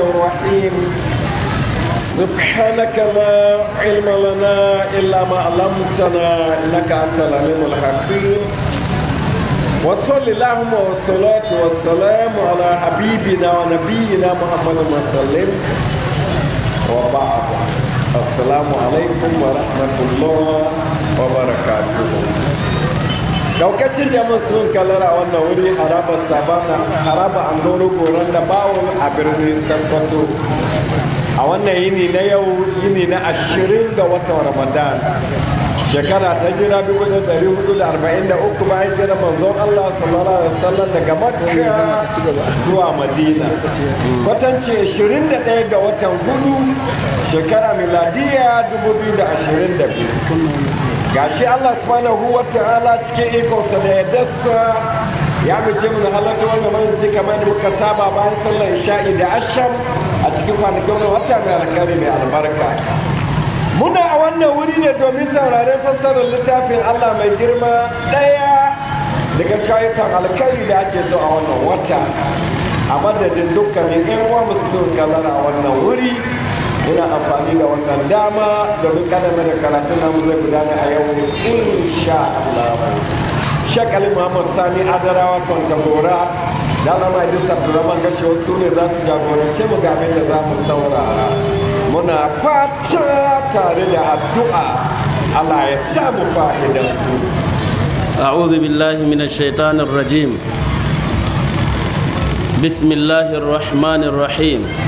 الرحيم سبحانك ما علم لنا إلا ما علمتنا إنك أنت العليم الحكيم وصل اللهم والصلاة والسلام على حبيبنا ونبينا محمد وسلم وبعد السلام عليكم ورحمة الله وبركاته daukacin da musulun kalar a wannan wuri haraba sabana haraba angoro koron da bawon a birnin sankwato a wannan yini na yau yini na ashirin ga watan ramadan shekara ta jira 1443 bayan jira manzon Allah sallallahu alaihi wasallam daga Makka zuwa Madina kwatance 21 ga watan hudu shekara miladiya 2022 gashi Allah subhanahu wa ta'ala cikin ikonsa da yaddarsa ya mace mu da halatta wannan mai sai kamar da muka saba bayan sallar isha'i da asham a cikin kwanakin wata mai alkhairi mai albarka muna a wannan wuri ne domin sauraren fassarar littafin Allah mai girma ɗaya daga cikin alkhairi da ake so a wannan wata a madadin dukkanin 'yan uwa musulun kazara a wannan wuri muna amfani da wannan dama domin kadama da karatun namu zai gudana a yau insha Allah shakali Muhammad Sani Adarawa Kwantagora da Alama Idris Abdulrahman Gashewa wasu ne za su jagorance mu ga da za mu saurara muna fata tare da addu'a Allah ya samu mu fa'idantu أعوذ بالله من الشيطان الرجيم بسم الله الرحمن الرحيم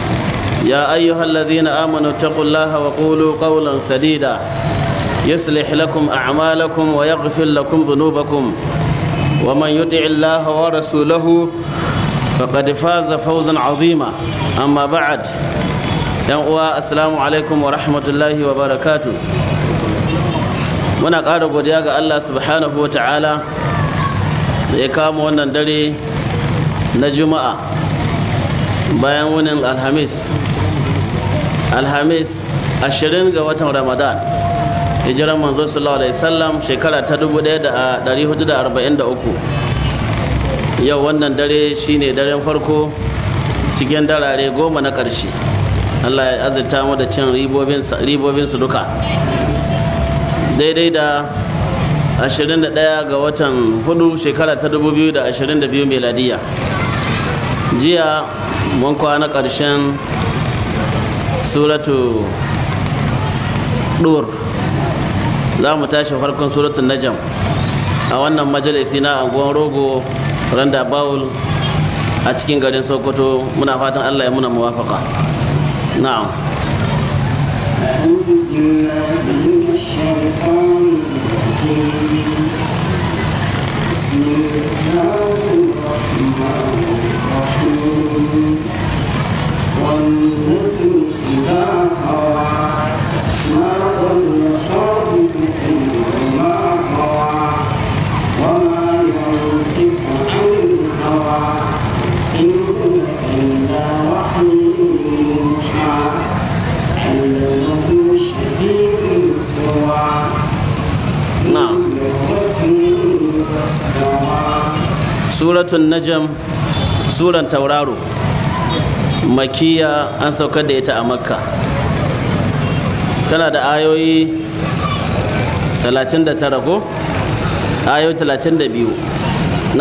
يا أيها الذين آمنوا اتقوا الله وقولوا قولا سديدا يصلح لكم أعمالكم ويغفر لكم ذنوبكم ومن يطع الله ورسوله فقد فاز فوزا عظيما أما بعد السلام عليكم ورحمة الله وبركاته muna ƙara godiya ga Allah subhanahu wa ta'ala da ya kama wannan dare na juma'a bayan wunin alhamis alhamis 20 ga watan ramadan hijiran manzo sallallahu alaihi wasallam shekara ta 1443 yau wannan dare shine daren farko cikin darare goma na ƙarshe allah ya azurta mu da cin ribobin su duka daidai da 21 ga watan hudu shekara ta 2022 meladiya jiya mun kwana ƙarshen suratu dur za mu tashi farkon suratun najam a wannan majalisi na anguwan rogo randa bawul a cikin garin sokoto muna fatan allah ya muna muwafaka na'am أعوذ بالله من الشيطان الرجيم suratun najam suran tauraro makiya an saukar da ita a makka tana da ayoyi 39 ko ayoyi 32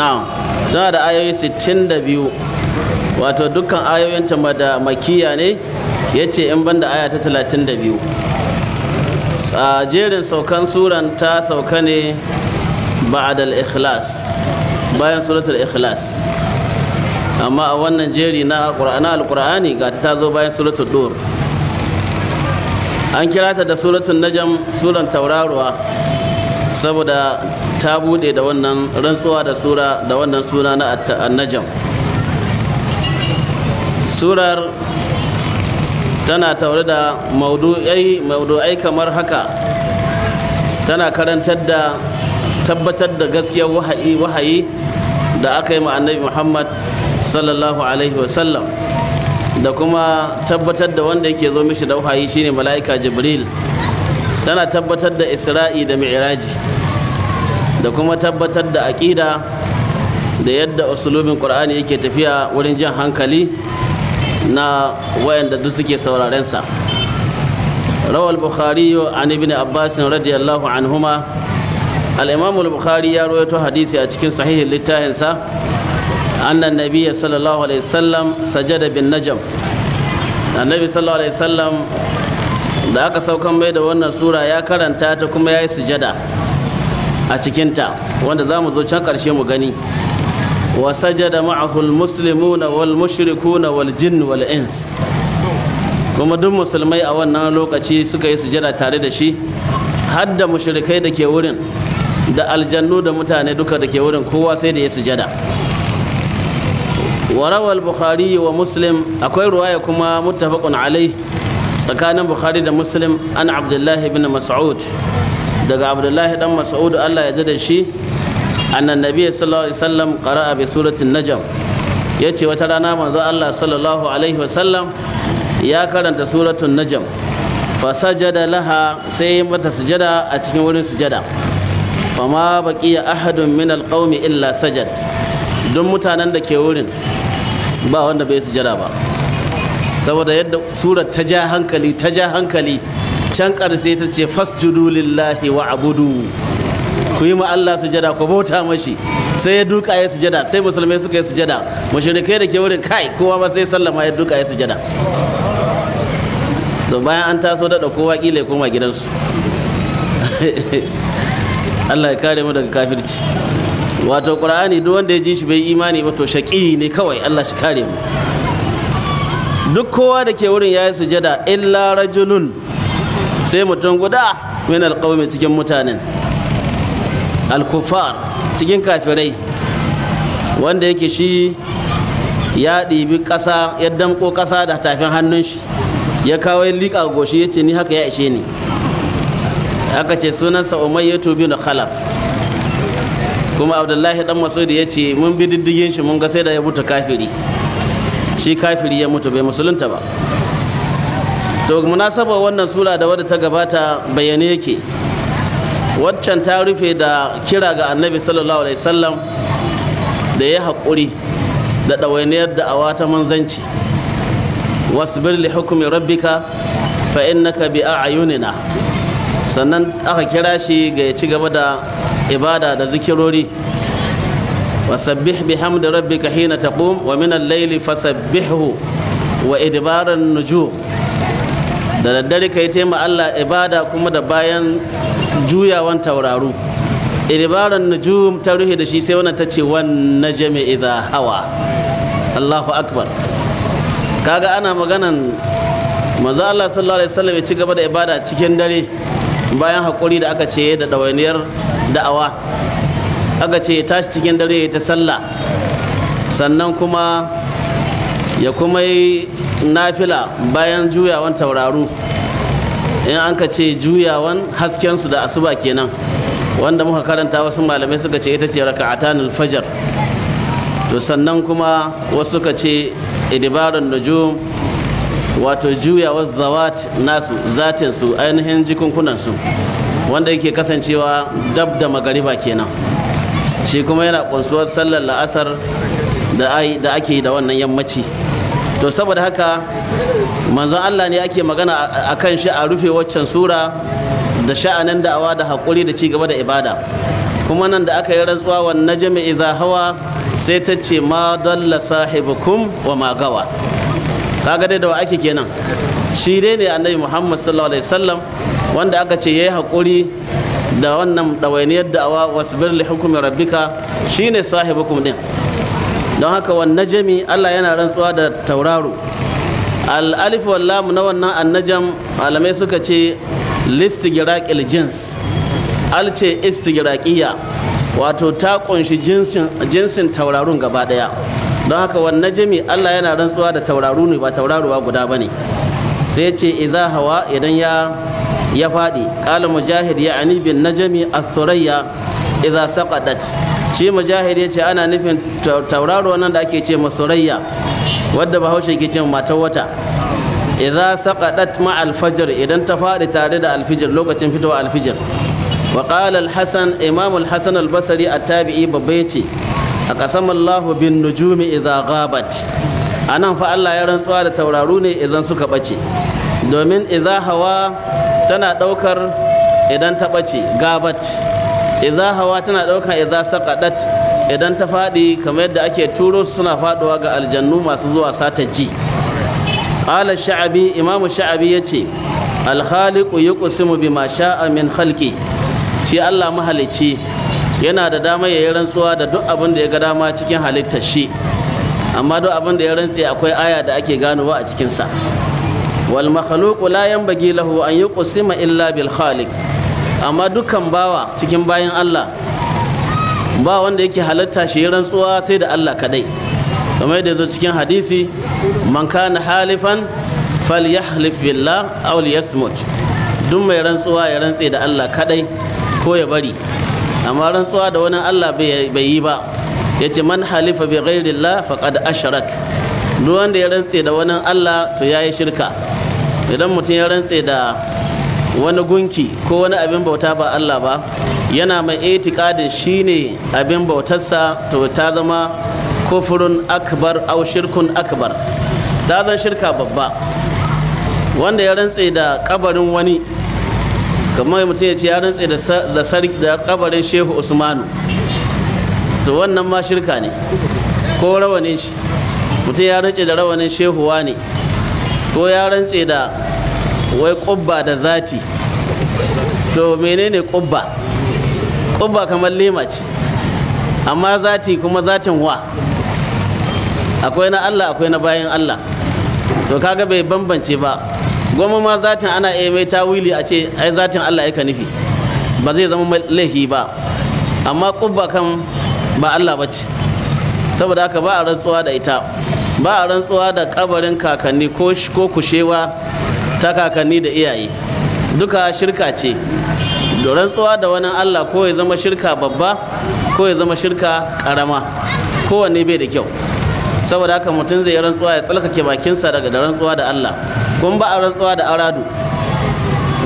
na tana da ayoyi 62 wato dukkan ayoyin ta da makiya ne ya ce in banda aya ta 32 a jerin saukan suran ta sauka ne ba'adal ikhlas bayan suratul ikhlas amma a wannan jeri na alkur'ani ga ta zo bayan suratul dur an kira ta da suratul najam suran tauraruwa saboda ta bude da wannan rantsuwa da sura da wannan suna na annajam surar tana taure da maudu'ai kamar haka tana karantar da tabbatar da gaskiyar wahayi da aka yi ma annabi muhammad sallallahu alaihi wasallam da kuma tabbatar da wanda yake zo mishi da wahayi shine mala'ika jibril tana tabbatar da isra'i da mi'raji da kuma tabbatar da aƙida da yadda usulubin qur'ani yake tafiya wurin jan hankali na wayanda duk suke saurarensa rawal bukhari an ibn abbas radiyallahu anhuma alimamul bukhari ya rawaito hadisi a cikin sahihin littahinsa. annan sallallahu alaihi wasallam sajada bin Najam. annabi sallallahu alaihi wasallam da aka saukan mai da wannan sura ya karanta ta kuma ya yi sujada a cikinta wanda za mu zo can ƙarshe mu gani wa sajada ma'ahul muslimuna wal mushrikuna wal jinn wal ins kuma duk musulmai a wannan lokaci suka yi sujada tare da shi har da mushrikai da ke wurin da aljannu da mutane duka da ke wurin kowa sai da ya sujada warawal bukhari wa muslim akwai ruwaya kuma muttafaqun alai tsakanin bukhari da muslim an abdullahi bin mas'ud daga abdullahi dan mas'ud Allah ya da shi annan nabi sallallahu alaihi wasallam qara'a bi suratin najm yace wata rana manzo Allah sallallahu alaihi wasallam ya karanta suratul najm fasajada laha sai mata sujada a cikin wurin sujada fama baqiya ahadun min alqaumi illa sajad duk mutanen da ke wurin ba wanda bai sujada ba saboda yadda surar ta ja hankali ta ja hankali can ƙarshe ta ce fasjudu lillahi wa abudu ku yi ma Allah sujada ku bauta mashi sai ya duka ya sujada sai musulmai suka yi sujada kai da ke wurin kai kowa ba sai sallama ya duka ya sujada to bayan an taso da kowa kila ya koma gidansu Allah ya kare mu daga kafirci wato qur'ani duk wanda ya ji shi bai imani ba to shaki ne kawai Allah shi kare mu duk kowa da ke wurin yayi sujada illa rajulun sai mutum guda min alqawmi cikin mutanen alkufar cikin kafirai wanda yake shi ya ɗibi ƙasa ya damƙo ƙasa da tafin hannun shi ya kawo liƙa goshi ya ce ni haka ya ishe ni aka ce sunansa umayyatu bin khalaf kuma abdullahi dan masudi ya ce mun bi diddigin shi mun ga sai da ya mutu kafiri shi kafiri ya mutu bai musulunta ba to munasaba wannan sura da wadda ta gabata bayyane yake waccan ta rufe da kira ga annabi sallallahu alaihi wasallam da ya haƙuri da ɗawainiyar da awa ta manzanci wasu birli hukumin rabbika fa ka bi a a'yunina sannan aka kira shi ga ya ci gaba da ibada da zikirori wasabbih hamdi rabbika hina taqum wa min al-layli fasabbihu wa idbaran nujum da daddare kai taima Allah ibada kuma da bayan juyawan tauraro idbaran nujum ta ruhe da shi sai wannan ta ce wan najmi idha hawa Allahu akbar kaga ana maganan manzo Allah sallallahu alaihi wasallam ya ci gaba da ibada cikin dare bayan haƙuri da aka ce da ɗawainiyar da'awa aka ce ya tashi cikin dare ya ta sallah sannan kuma ya kuma yi nafila bayan juyawan tauraru in an ka ce juyawan haskensu da asuba kenan wanda muka karanta wasu malamai suka ce ita ce raka'atan fajar to sannan kuma wasu suka ce idibarun nujum wato juyawar zawat nasu zatin su ainihin jikunkunansu su wanda yake kasancewa dab da magariba kenan shi kuma yana kunsuwar sallar la'asar da ake da wannan yammaci to saboda haka manzon Allah ne ake magana a kan shi a rufe waccan sura da sha'anin da'awa da haƙuri da cigaba da ibada kuma nan da aka yi rantsuwa wannan jami'i hawa sai ta ce ma dalla sahibukum wa Magawa? kaga dai da wa ake kenan shi dai ne annabi muhammad sallallahu alaihi wasallam wanda aka ce yayi hakuri da wannan ɗawainiyar da'awa wasbir li hukumi rabbika shine sahibukum din don haka wan najmi Allah yana rantsuwa da tauraro al alif wal lam na wannan annajam alamai suka ce listigiraqil jins al ce istigiraqiya wato ta kunshi jinsin jinsin tauraron gaba daya don haka wannan jami Allah yana rantsuwa da tauraro ne ba tauraruwa guda bane sai ce iza hawa idan ya ya faɗi kala mujahid ya ani bin najami a iza saqadat shi mujahid ya ce ana nufin tauraro nan da ake ce ma thurayya wadda bahaushe ke ce matar wata saqadat ma alfajr idan ta faɗi tare da alfijir lokacin fitowa alfijir wa qala al-hasan imam al-hasan at-tabi'i babba yace a qasamallahu bin nujumi idza ghabat anan fa Allah ya rantsuwa da tauraru ne idan suka bace domin idza hawa tana ɗaukar idan ta bace gabat idza hawa tana ɗaukar idza saqadat idan ta faɗi kamar yadda ake turo suna faɗuwa ga aljannu masu zuwa sata ji qala sha'abi imamu sha'abi yace al khaliqu yuqsimu bima sha'a min khalqi shi Allah mahalicci yana da dama ya yi rantsuwa da duk abin da ya ga dama cikin halittar shi amma duk abin da ya rantse akwai aya da ake ganowa a cikinsa wal makhluqu la yanbaghi lahu an yuqsima illa bil khaliq amma dukkan bawa cikin bayan Allah ba wanda yake halatta shi rantsuwa sai da Allah kadai kamar yadda zo cikin hadisi man kana halifan falyahlif billah aw liyasmut duk mai rantsuwa ya rantse da Allah kadai ko ya bari amma rantsuwa da wani Allah bai yi ba ya ce man halifa bi ghairillah faqad ashrak duk wanda ya rantse da wani Allah to ya yi shirka idan mutum ya rantse da wani gunki ko wani abin bauta ba Allah ba yana mai itikadin shine abin bautarsa to ta zama kufurun akbar au shirkun akbar ta zan shirka babba wanda ya rantse da kabarin wani kamar mutum ya ce ya rantse da sarki da kabarin shehu usmanu to wannan ma shirka ne ko rawanin shi mutum ya rantse da rawanin shehuwa ne ko ya rantse da wai kubba da zati to menene kubba kubba kamar lema ce amma zati kuma zatin wa akwai na allah akwai na bayan allah to kaga bai bambance ba goma ma zatin ana iya mai tawili a ce ai zatin Allah ya ka nufi ba zai zama laifi ba amma kubba kan ba Allah ba ce saboda haka ba a rantsuwa da ita ba a rantsuwa da kabarin kakanni ko kushewa ta kakanni da iyaye duka shirka ce da rantsuwa da wani Allah ko ya zama shirka babba ko ya zama shirka karama kowanne bai da kyau saboda haka mutum zai rantsuwa ya tsalkake bakinsa daga da rantsuwa da Allah kun ba a rantsuwa da aradu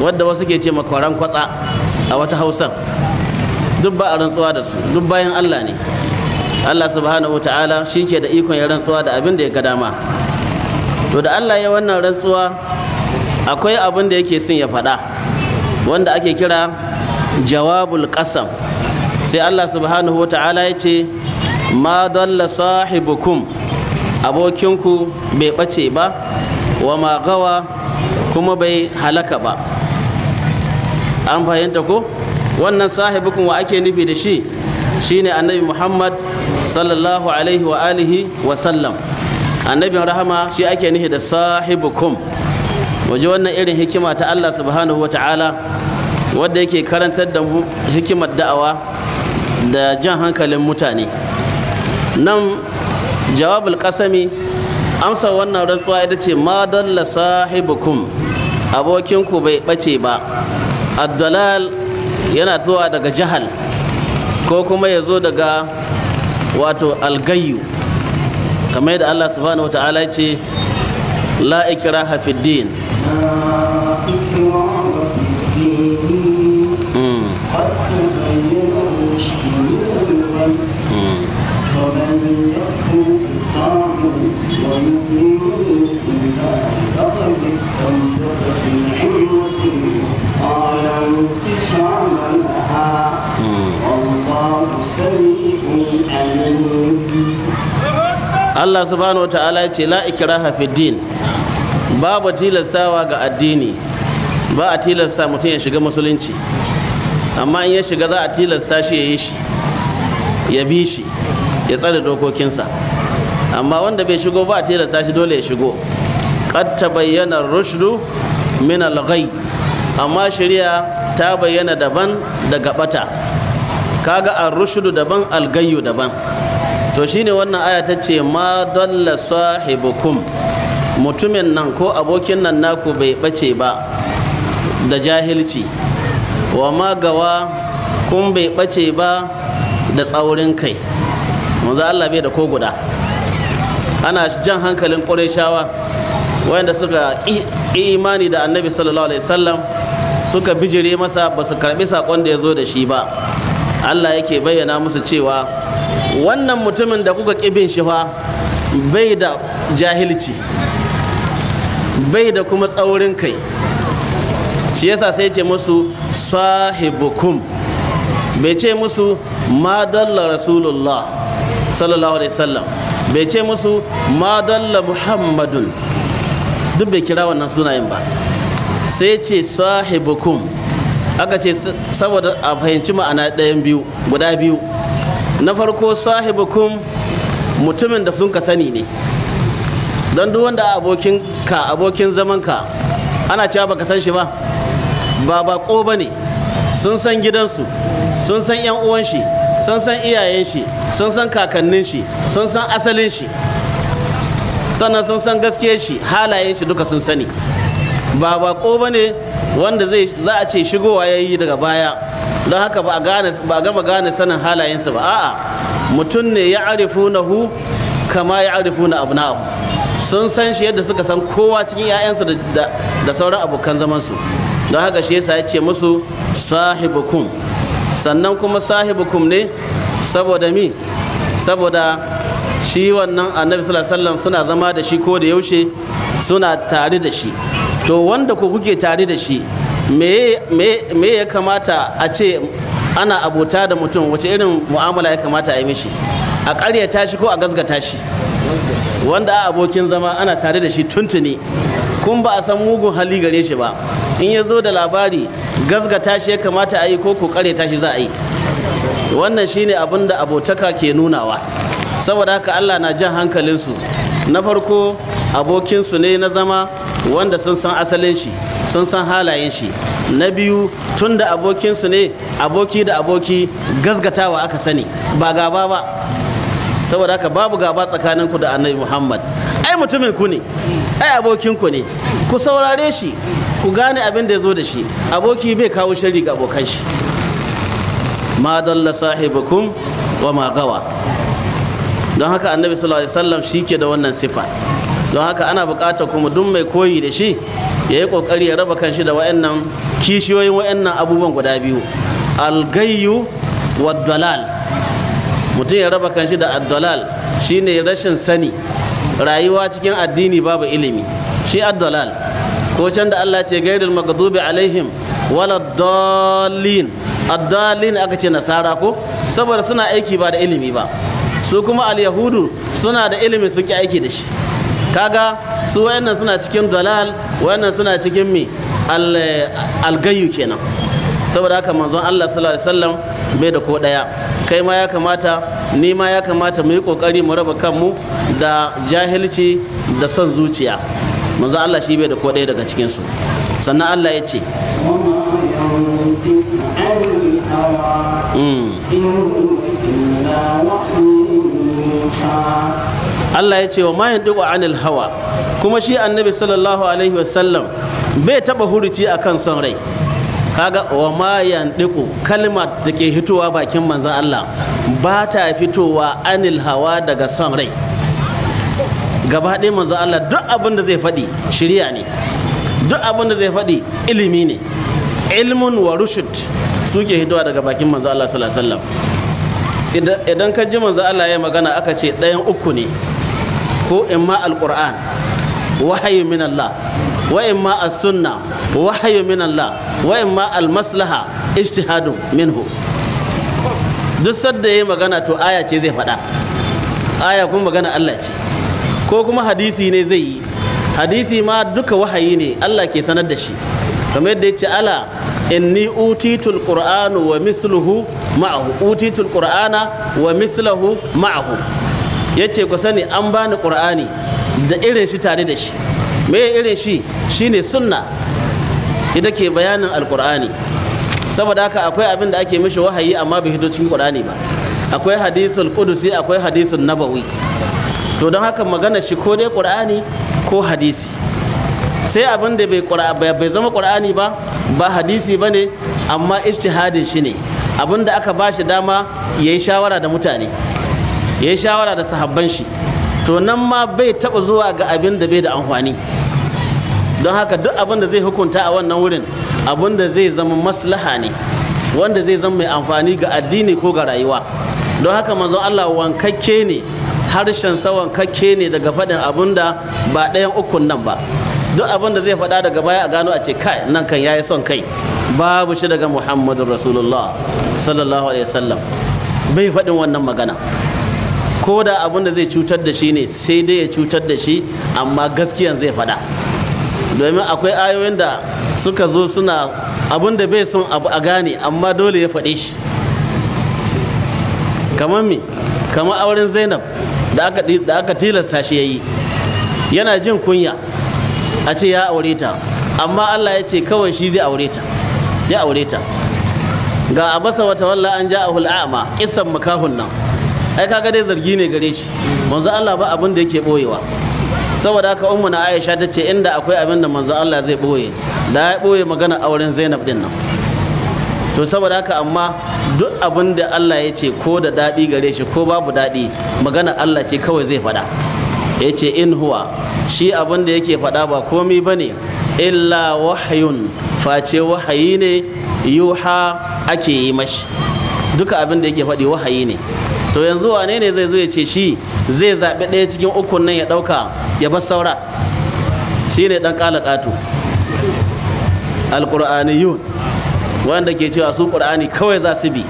wadda wasu ke ce makwaran kwatsa a wata hausan duk ba a rantsuwa da su duk bayan allah ne allah subhanahu ta'ala shi ke da ikon ya rantsuwa da abin da ya ga dama to da allah ya wannan rantsuwa akwai abin da yake son ya faɗa wanda ake kira jawabul kasam sai allah subhanahu ta'ala ya ce ma dalla sahibukum abokinku bai ɓace ba wa ma kuma bai halaka ba an fahimta ko wannan sahibukun wa ake nufi da shi shine annabi muhammad sallallahu alaihi wa alihi wa sallam annabin rahama shi ake nufi da sahibukun. waje wannan irin hikima ta allah subhanahu wa ta'ala wadda yake karantar da hikimar da'awa da jan hankalin mutane nan jawabul kasami amsa wannan rantsuwa ita ce ma dalla sahibukum abokinku bai ɓace ba addalal yana zuwa daga jahal ko kuma ya zo daga wato algayyu. kamar yadda Allah subhanahu wa ta'ala ce la'ikira hafi din Allah subhanahu wa ta'ala ya ce la fi din babu tilastawa ga addini ba a tilasta mutum ya shiga musulunci amma in ya shiga za a tilasta shi ya yi shi ya bi shi ya tsare dokokinsa amma wanda bai shigo ba a tilasta shi dole ya shigo qad bayyana rushdu min al amma shari'a ta bayyana daban daga bata kaga ar-rushdu daban al daban to shi ne wannan aya ta ce ma dalla sahibukum mutumin nan ko abokin nan naku bai bace ba da jahilci wa magawa kun bai bace ba da tsaurin kai manzo Allah bai da ko guda ana jan hankalin shawa wayanda suka imani da annabi sallallahu alaihi wasallam suka bijire masa ba su karbi sakon da ya zo da shi ba Allah yake bayyana musu cewa wannan mutumin da kuka ƙibin shi fa bai da jahilci bai da kuma tsaurin kai shi yasa sai ce musu sahibukum bai ce musu madalla rasulullah sallallahu alaihi wasallam bai ce musu madalla muhammadun duk bai kira wannan sunayen ba sai ce sahibukum aka ce saboda a fahimci ma'ana ɗayan biyu guda biyu na farko sahibukum mutumin da sun ka sani ne don duk wanda abokin ka abokin zaman ka ana cewa baka san shi ba ba bako ba ne sun san gidansu sun san yan uwan shi sun san iyayen shi sun san kakannin shi sun san asalin shi sannan sun san gaskiya shi halayen shi duka sun sani ba bako ba ne wanda za a ce shigowa ya yi daga baya don haka ba a gama gane sanin halayensu ba a'a mutum ne ya hu kama ya abu na sun san shi yadda suka san kowa cikin 'ya'yansu da sauran abokan zamansu don haka shi yasa ya ce musu sahibukum sannan kuma sahibukum ne saboda mi saboda shi wannan annabi sallallahu suna zama da shi ko da yaushe suna tare da shi to wanda ku kuke tare da shi me ya kamata a ce ana abota da mutum wace irin mu'amala ya kamata a yi mishi a ƙaryata tashi ko a gasgata shi wanda a abokin zama ana tare da shi tuntuni kun ba a san mugun hali gare shi ba in ya zo da labari gasgata shi ya kamata a yi ko ko ƙaryata tashi za a yi wannan shine abin da abotaka ke nunawa saboda haka allah na jan hankalinsu na farko abokinsu ne na zama wanda sun san asalin shi sun san halayen shi na biyu tun da abokinsu ne aboki da aboki gazgatawa aka sani ba gaba ba saboda haka babu gaba tsakaninku da annabi muhammad ai mutumin ku ne ai abokin ku ne ku saurare shi ku gane abin da ya zo da shi aboki bai kawo shari ga abokan shi ma dalla sahibukum wa ma gawa don haka annabi sallallahu alaihi wasallam ke da wannan sifa don haka ana buƙatar kuma duk mai koyi da shi ya yi ƙoƙari ya raba kanshi da wa'annan kishiyoyin wa'annan abubuwan guda biyu algayyu wa dalal mutum ya raba kanshi da addalal shine rashin sani rayuwa cikin addini babu ilimi shi addalal ko can da Allah ce gairil maghdubi alaihim wala dallin addalin aka ce nasara ko saboda suna aiki ba da ilimi ba su kuma Alyahudu suna da ilimi suke aiki da shi kaga su wayannan suna cikin dalal wayannan suna cikin mi algayu kenan saboda haka manzon Allah sallallahu alaihi wasallam bai da ko daya kai ma ya kamata ni ma ya kamata mu yi kokari mu raba kanmu da jahilci da son zuciya manzon Allah shi bai da ko daya daga cikin su sannan Allah ya ce Mm. Allah ya ce wa mayan wa anil hawa kuma shi annabi sallallahu alaihi wasallam bai taba a kan son rai kaga wa mayan dugu kalma da ke hitowa bakin manzon Allah ba ta fitowa anil hawa daga son rai gaba ɗaya manzon Allah duk abin da zai faɗi shirya ne duk abin da zai faɗi ilimi ne ilmun wa rushud suke hitowa daga bakin manzon Allah sallallahu alaihi wasallam idan ka ji manzo Allah ya magana aka ce ɗayan uku ne ko in ma alƙur'an wahayi min Allah wa in ma as-sunna wahayi min Allah wa in ma al-maslaha ijtihadu minhu duk sadda yayi magana to aya ce zai faɗa aya kuma magana Allah ce ko kuma hadisi ne zai yi hadisi ma duka wahayi ne Allah ke sanar da shi kamar yadda ya ala inni utitul qur'anu wa misluhu ma'ahu utitul qur'ana wa mislahu ma'ahu ya ce ku sani an bani ƙur'ani da irin shi tare da shi me irin shi shi ne sunna ita ke bayanin alƙur'ani saboda haka akwai abin da ake mishi wahayi amma bai hito cikin ƙur'ani ba akwai hadisul qudusi akwai hadisul nabawi to don haka magana shi ko dai ƙur'ani ko hadisi sai abin da bai zama ƙur'ani ba ba hadisi ba ne amma ishtihadin shi ne abin da aka ba shi dama ya yi shawara da mutane ya yi shawara da sahabban shi to nan ma bai taɓa zuwa ga abin da bai da amfani don haka duk abin da zai hukunta a wannan wurin abin da zai zama maslaha ne wanda zai zama mai amfani ga addini ko ga rayuwa don haka manzon Allah wankakke ne harshen sa wankakke ne daga faɗin abin da ba ɗayan ukun nan ba duk abin da zai faɗa daga baya a gano a ce kai nan kan yayi son kai babu shi daga Muhammadu Rasulullah sallallahu alaihi wasallam bai faɗin wannan magana ko da abin da zai cutar da shi ne sai dai ya cutar da shi amma gaskiyan zai faɗa domin akwai ayoyin da suka zo suna abin da bai son abu a gane amma dole ya faɗe shi kamar mi kamar auren zainab da aka tilasta shi ya yi yana jin kunya a ce ya aure ta amma allah ya ce kawai shi zai aure ta ya aure ta ga abasa wata walla an ja'ahul a'ma isan makahun nan ai kaga dai zargi ne gare shi manzo Allah ba abin da yake boyewa saboda haka ummu na Aisha ta ce inda akwai abin da manzo Allah zai boye da ya boye magana auren Zainab din nan to saboda haka amma duk abin da Allah ya ce ko da dadi gare shi ko babu dadi magana Allah ce kawai zai faɗa ya ce in huwa shi abin da yake faɗa ba komai ba ne illa wahayun face wahayi ne yuha ake yi mashi duka abin da yake faɗi wahayi ne to yanzu wane ne zai zo ya ce shi zai zaɓi ɗaya cikin ukun nan ya ɗauka ya bar saura shi ne ɗan ƙala ƙato. Alƙur'ani yun, wanda ke cewa su ƙur'ani kawai za su bi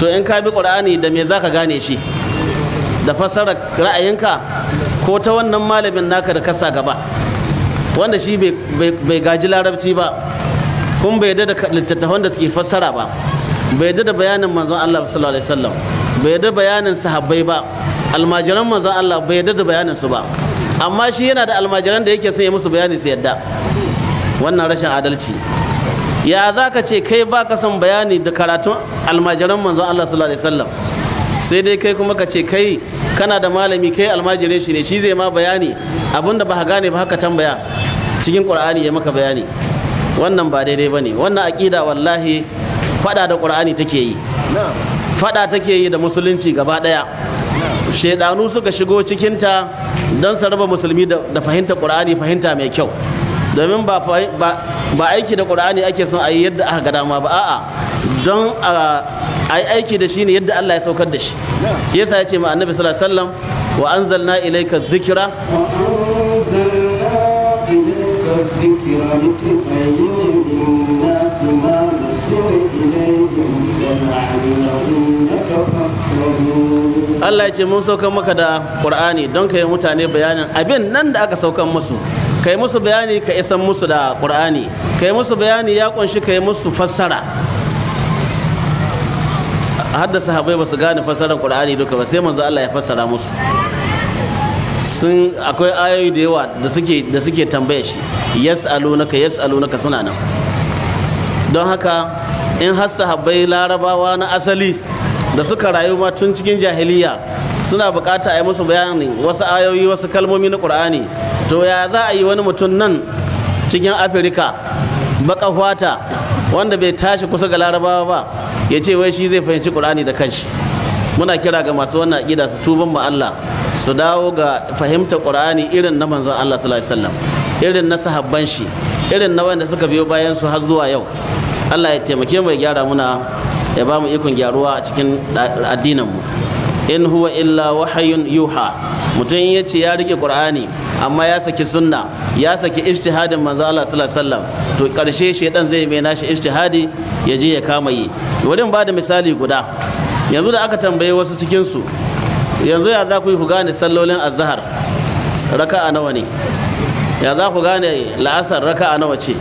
to in ka bi ƙur'ani da me za ka gane shi da fassara ra'ayinka ko ta wannan malamin naka da kasa gaba wanda shi bai gaji larabci ba kun bai yadda da littattafan da suke fassara ba bai yadda da bayanin manzon Allah sallallahu alaihi wasallam bai yarda bayanin sahabbai ba almajiran manzon Allah bai yarda da bayanin su ba amma shi yana da almajiran da yake son ya musu bayani su yadda wannan rashin adalci ya za ka ce kai ba ka son bayani da karatun almajiran manzon Allah sallallahu alaihi wasallam sai dai kai kuma ka ce kai kana da malami kai almajirin shi ne shi zai ma bayani abinda ba gane ba haka tambaya cikin qur'ani ya maka bayani wannan ba daidai bane wannan aqida wallahi fada da qur'ani take yi fada take yi da musulunci gaba daya shaidanu suka shigo cikinta don su raba musulmi da fahimta qur'ani fahimta mai kyau domin ba aiki da qur'ani ake son a yi yadda aka ga dama ba a'a don a yi aiki da shi ne yadda Allah ya saukar da shi shi yasa ya ce ma annabi sallallahu alaihi wasallam wa anzalna ilayka dhikra الذكر لتبين للناس ما نسوا Allah ya ce mun saukan maka da Qur'ani don ka yi mutane bayanin abin nan da aka saukan musu ka musu bayani ka isan musu da Qur'ani kai yi musu bayani ya kunshi ka yi musu fassara hadda sahabai ba su gane fassarar Qur'ani duka ba sai manzo Allah ya fassara musu sun akwai ayoyi da yawa da suke da suke tambaya shi yas'alunaka yas'alunaka suna nan don haka in har sahabbai larabawa na asali da suka rayu ma tun cikin jahiliya suna bukata a yi musu bayani wasu ayoyi wasu kalmomi na ƙur'ani to ya za a yi wani mutum nan cikin afirka baka fata wanda bai tashi kusa ga larabawa ba ya ce wai shi zai fahimci ƙur'ani da kanshi muna kira ga masu wannan aƙida su tuban ma Allah su dawo ga fahimta ƙur'ani irin na manzon Allah sallallahu alaihi wasallam irin na sahabban shi irin na wanda suka biyo bayan su har zuwa yau Allah ya taimake mu ya gyara muna ya ba mu ikon gyaruwa a cikin addinanmu. in huwa illa wahayun yuha mutum ya ce ya rike qur'ani amma ya saki sunna ya saki ijtihadin manzo Allah sallallahu alaihi wasallam to karshe shedan zai mai nashi ijtihadi ya je ya kama yi wurin ba da misali guda yanzu da aka tambaye wasu cikin su yanzu ya za ku yi ku gane sallolin azhar raka'a nawa ne ya za ku gane la'asar raka'a nawa ce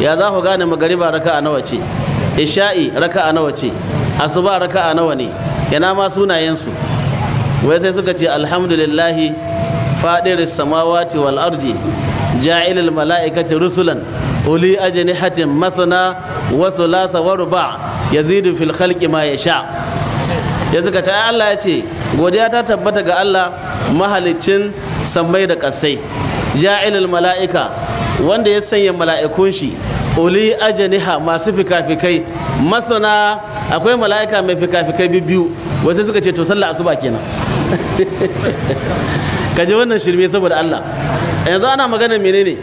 ya za ku gane magariba raka'a nawa ce isha'i raka'a nawa ce asuba raka'a nawa ne yana ma sunayensu wai sai suka ce alhamdulillahi fadir samawati wal ardi ja'il al mala'ikati rusulan uli ajnihatin mathna wa thulatha wa ruba' yazidu fil khalqi ma yasha ya suka ce Allah ya ce godiya ta tabbata ga Allah mahaliccin sammai da kasai ja'il al mala'ika wanda ya sanya mala'ikun shi uli ajaniha masu fikafikai masana akwai mala'ika mai fikafikai biyu wasu suka ce to sallah asuba kenan ka ji wannan shirme saboda Allah yanzu ana magana menene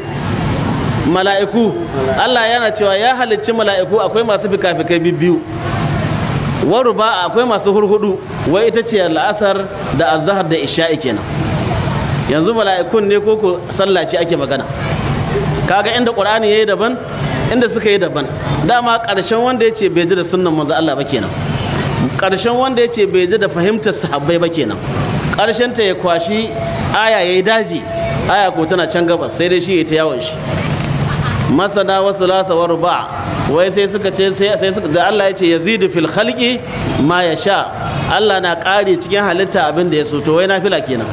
mala'iku Allah yana cewa ya halicci mala'iku akwai masu fikafikai biyu wa ruba akwai masu hurhudu wai ita ce la'asar da azahar da isha'i kenan yanzu mala'ikun ne koko sallah ce ake magana kaga inda qur'ani yayi daban inda suka yi daban dama ƙarshen wanda ya ce bai ji da sunnan manzo Allah ba kenan ƙarshen wanda ya ce bai ji da fahimtar sahabbai ba kenan Karshen ta ya kwashi aya yayi daji aya ko tana can gabas sai dai shi ya ta yawon shi masana wasu wa ba wai sai suka ce sai suka da Allah ya ce yazidu fil khalqi ma yasha Allah na kare cikin halitta abin da ya so to wai fila kenan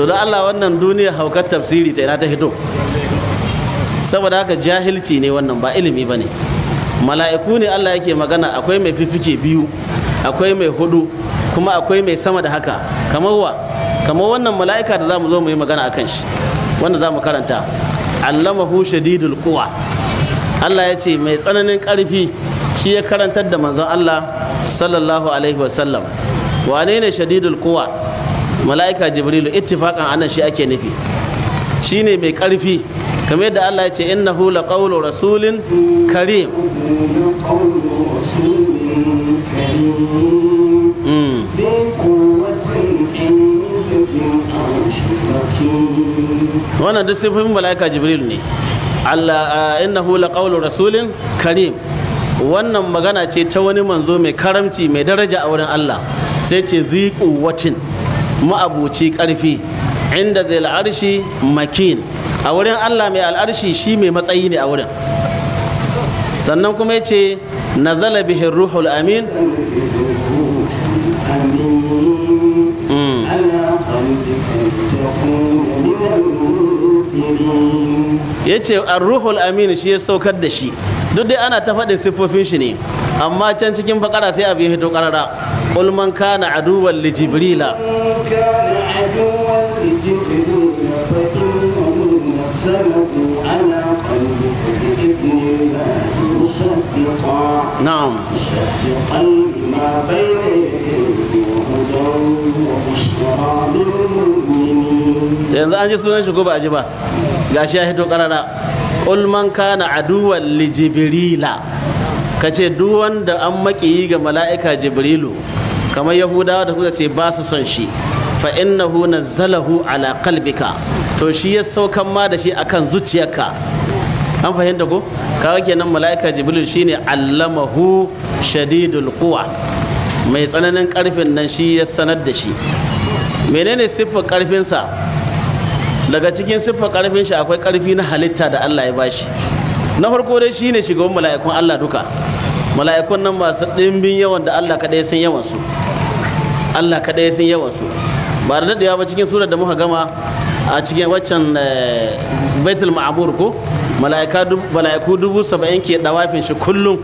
to da Allah wannan duniya haukar tafsiri ta ina ta hito saboda haka jahilci ne wannan ba ilimi ba ne mala'iku ne Allah yake magana akwai mai fifike biyu akwai mai hudu kuma akwai mai sama da haka kamar wa kamar wannan mala'ika da zamu zo mu yi magana akan shi wanda zamu karanta allamahu shadidul quwa Allah ya ce mai tsananin ƙarfi shi ya karantar da manzon Allah sallallahu alaihi wasallam wane ne shadidul quwa mala'ika jibrilu ittifaqan anan shi ake nufi shine mai karfi kamar yadda Allah ya ce innahu laqawlu rasulin karim hmm. wannan duk sifofin mala'ika jibril ne Allah ah, innahu laqawlu rasulin karim wannan magana ce ta wani manzo mai karamci mai daraja a wurin Allah sai ce zikuwatin ma'abuci karfi, inda zai al'arshi makin a wurin allah mai al'arshi shi mai matsayi ne a wurin sannan kuma ya ce na zala bihin ruhul amin hmm. ya ce ruhul amin shi ya saukar da shi duk dai ana ta faɗin siffofin shi ne amma can cikin fakara sai abin hito ƙarara قل من كان عدوا لجبريل نعم yanzu an ji sunan shi ko ba a ji ba shi ya hito karara ulman kana aduwan li jibrila ka ce duk wanda an maƙiyi ga mala'ika jibrilu kamar yahudawa da suka ce ba su son shi fa innahu nazzalahu ala qalbika to shi ya saukan ma da shi akan zuciyarka an fahimta ko Kawai kenan mala'ika jibril shine allamahu shadidul quwa mai tsananin karfin nan shi ya sanar da shi menene siffar sa daga cikin siffar karfin shi akwai karfi na halitta da Allah ya bashi na farko dai shine shugaban mala'ikun Allah duka mala'ikun nan masu ɗimbin yawan da Allah kaɗai sun yawan su Allah kaɗai sun yawan su ba da daɗewa ba cikin surar da muka gama a cikin waccan eh, baitul ma'amur ko mala'iku dubu saba'in ke ɗawafin shi kullum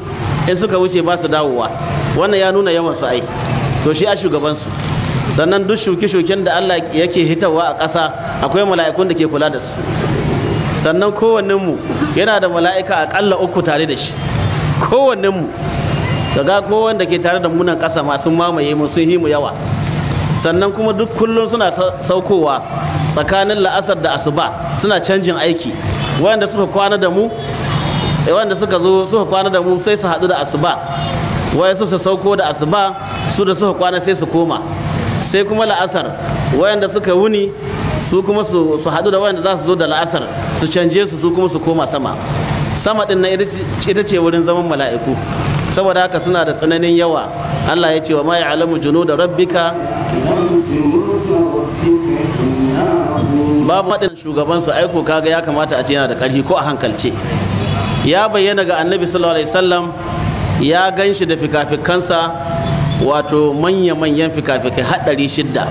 in suka wuce ba su dawowa wannan ya nuna yawan su ai to shi a shugabansu sannan duk shuke-shuken da Allah yake hitawa a ƙasa akwai mala'ikun da ke kula da su sannan kowanninmu yana da mala'ika aƙalla uku tare da shi Kowanninmu, mu daga kowanne wanda ke tare da munan ƙasa ma sun mamaye mu sun himu yawa sannan kuma duk kullum suna saukowa tsakanin la'asar da asuba suna canjin aiki wanda suka kwana da mu eh, wanda suka zo suka kwana da mu sai su haɗu da asuba wayansu su sauko da asuba su da suka kwana sai su koma sai kuma la'asar wayanda suka wuni su kuma su haɗu da wayanda za su zo da la'asar su canje su su kuma su koma sama sama din na ita ce wurin zaman mala'iku saboda haka suna da tsananin yawa Allah ya ce wa alamu junu da rabbika ba faɗin su aiko kaga ya kamata a ce yana da ƙarfi ko a hankalce ya bayyana ga annabi sallallahu alaihi wasallam ya ganshi shi da fikafikansa wato manya-manyan fikafikai haɗari shidda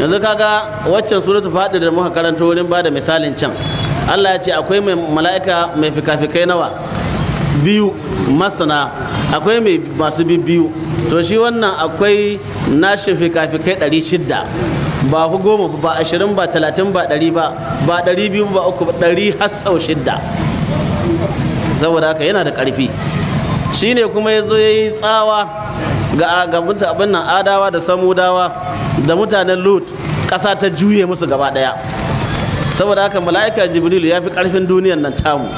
yanzu kaga waccan suratul faɗi da muka karanta wurin ba da misalin can Allah ya ce akwai mai mala'ika mai fikafikai nawa biyu masana akwai mai masu biyu to shi wannan akwai nashi fikafikai ɗari shidda ba ku goma ba ashirin ba talatin ba ɗari ba ba ɗari biyu ba uku ba ɗari har sau shidda saboda haka yana da ƙarfi shi ne kuma ya zo ya yi tsawa ga abin nan adawa da samudawa da mutanen lut ƙasa ta juye musu gaba ɗaya saboda haka mala'ika jibrilu ya fi karfin duniyan nan tamu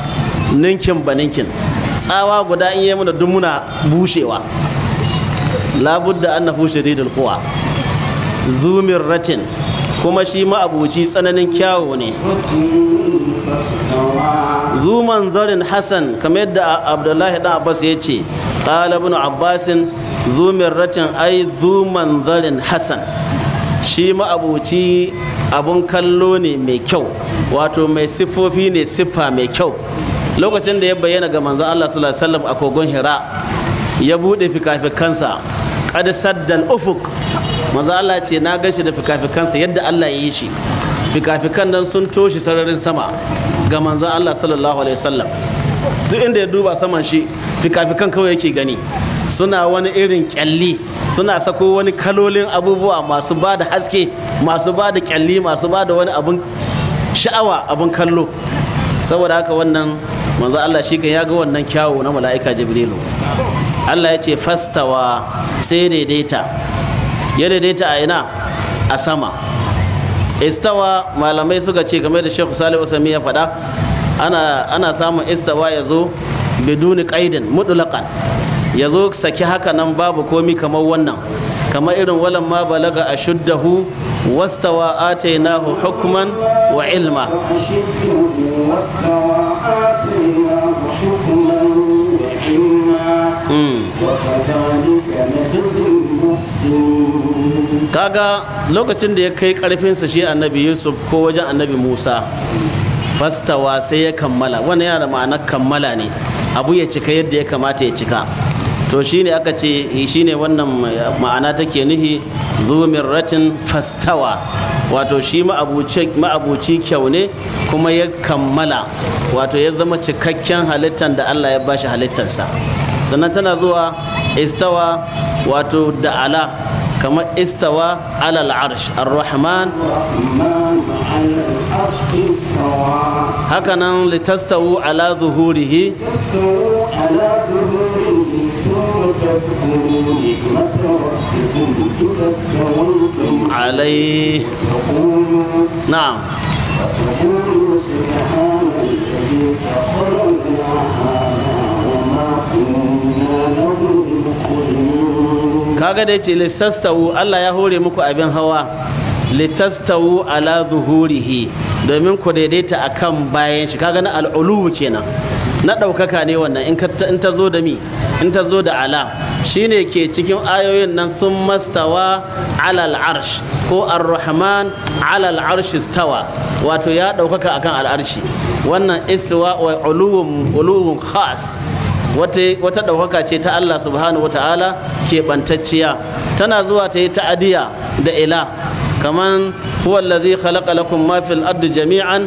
ninkin ba ninkin tsawa guda in yi mana duk muna bushewa labudda annahu shadidul kuwa. zumin ratin kuma shi ma'abuci tsananin kyawo ne zuman zarin hassan kamar yadda abdullahi dan abbas ya ce ƙala abbasin zumin ratin ai zuman zarin hassan shi ma'abuci abun kallo ne mai kyau wato mai siffofi ne siffa mai kyau lokacin da ya bayyana ga manzon Allah sallallahu alaihi a kogon Hira ya bude fikafikansa qad saddal ufuk Allah ce na ganshi da fikafikansa yadda Allah ya yi shi fikafikan nan sun toshi sararin sama ga manzon Allah sallallahu alaihi wasallam duk inda ya duba saman shi fikafikan kawai yake gani suna wani irin kyalli suna sako wani kalolin abubuwa masu ba da haske masu ba da kyalli masu ba da wani abin sha'awa abin kallo saboda haka wannan manzo Allah shi kan ya ga wannan kyawu na mala'ika jibrilu Allah ya ce fastawa sai daidaita ya daidaita a ina a sama istawa malamai suka ce game da Sheikh salihu sami ya faɗa ana samun istawa ya zo biduni kaidin mutlaqan ya zo saki haka nan babu komi kamar wannan kamar irin walan ma balaga a shuddahu wastawa atainahu hukman wa ilma hmm. kaga lokacin da ya kai karfinsa shi annabi yusuf ko wajen annabi musa fastawa sai ya kammala wannan yana da ma'anar kammala ne abu ya cika yadda ya kamata ya cika to shine aka ce eh, shine wannan ma'ana take nihi ratin fastawa wato shi ma'abuci kyau ne kuma ya kammala wato ya zama cikakken halittar da allah ya bashi halittarsa sannan tana zuwa istawa wato da ala kamar istawa alal arsh ar-rahman hakanan litastawu ala zuhurihi kaga da ce lissastawu Allah ya hore muku abin hawa litastawu ala zuhurihi domin ku daidaita akan bayan shi kaga na al'ulu kenan na ɗaukaka ne wannan in ta zo da mi in ta zo da ala shine ke cikin ayoyin nan sun mastawa alal arsh ko ar-rahman alal arsh wato ya ɗaukaka akan al'arshi wannan istiwa wa uluwun uluwun khas wata ɗaukaka ce ta Allah subhanahu wa ta'ala keɓantacciya tana zuwa ta yi ta'adiya da ila kaman huwa allazi khalaqa lakum ma fil ardi jami'an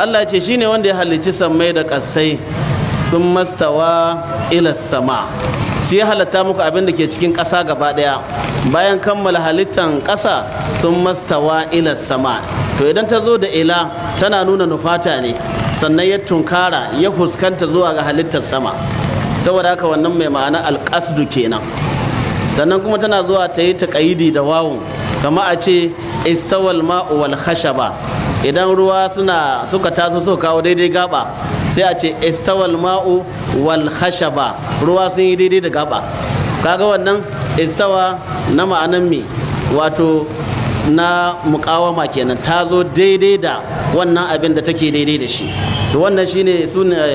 Allah ce shine wanda ya halicci sammai da ƙasai sun mastawa ila sama shi ya halatta muku abin da ke cikin ƙasa gaba ɗaya bayan kammala halittan ƙasa sun mastawa ila sama to idan ta zo da ila tana nuna nufata ne sannan ya tunkara ya fuskanta zuwa ga halittar sama saboda haka wannan mai ma'ana alƙasdu kenan sannan kuma tana zuwa ta yi taƙayidi da wawun kama a ce istawal ma'u wal khashaba idan ruwa suna suka taso so kawo daidai gaba sai a ce istawal ma'u wal khashaba ruwa sun yi daidai da gaba kaga wannan istawa na ma'anan me wato na mukawama kenan ta zo daidai da wannan abin da take daidai da shi wannan shine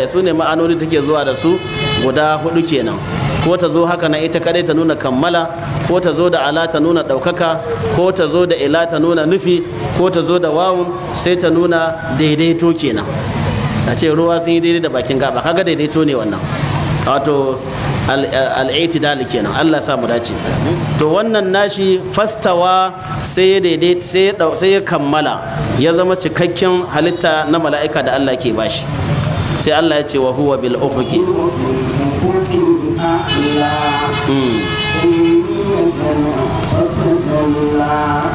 su ne ma'anoni take zuwa da su guda hudu kenan ko ta zo haka na ita kadai ta nuna kammala ko ta zo da ala ta nuna ɗaukaka ko ta zo da ila ta nuna nufi ko ta zo da wawun sai ta nuna daidaito kenan a ce ruwa sun yi daidai da bakin gaba kaga daidaito ne wannan wato al'itidal kenan Allah sa mu dace to wannan nashi fastawa sai ya sai ya kammala ya zama cikakken halitta na mala'ika da Allah ke bashi sai Allah ya ce wa huwa bil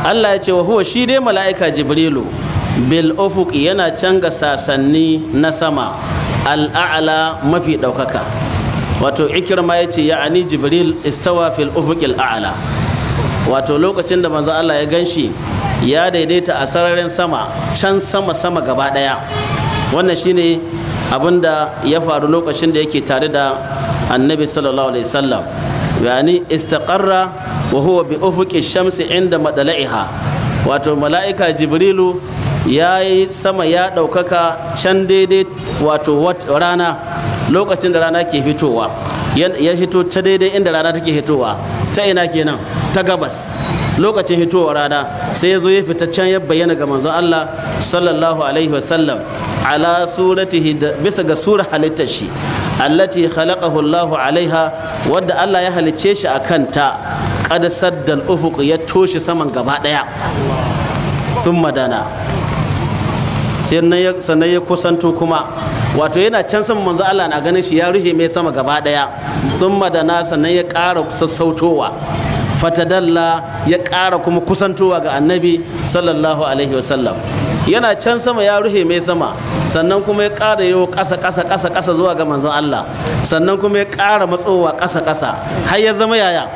Allah ya ce wa huwa shi dai mala'ika Jibrilu bil ufuq yana canga sasanni na sama al'a'la mafi ɗaukaka wato ikirma ya ce ya'ani Jibril istawa fil ufuqil a'la wato lokacin da manzo Allah ya ganshi ya daidaita a sararin sama can sama sama gaba ɗaya wannan shine abin da ya faru lokacin da yake tare da annabi sallallahu alaihi wasallam yani istaqarra wa huwa bi ufuqi shamsi inda madala'iha wato mala'ika jibrilu ya yi sama ya ɗaukaka can daidai wato rana lokacin da rana ke fitowa ya hito ta daidai inda rana take hitowa ta ina kenan ta gabas lokacin hitowar rana sai ya zo ya fita can ya bayyana ga manzon Allah sallallahu alaihi wasallam ala suratihi bisa ga sura halittar shi allati khalaqahu Allahu alaiha wadda Allah ya halicce shi a kanta kada saddal ufuk ya toshe saman gaba daya sun madana sannan ya kusanto kuma wato yana can sama manzo Allah na ganin shi ya ruhe mai sama gaba daya sun madana sannan ya ƙara sassautowa fatadalla ya ƙara kuma kusantowa ga annabi sallallahu alaihi wasallam yana can sama ya rufe mai sama sannan kuma ya ƙara yau ƙasa ƙasa ƙasa ƙasa zuwa ga manzon Allah sannan kuma ya ƙara matsowa ƙasa ƙasa har ya zama yaya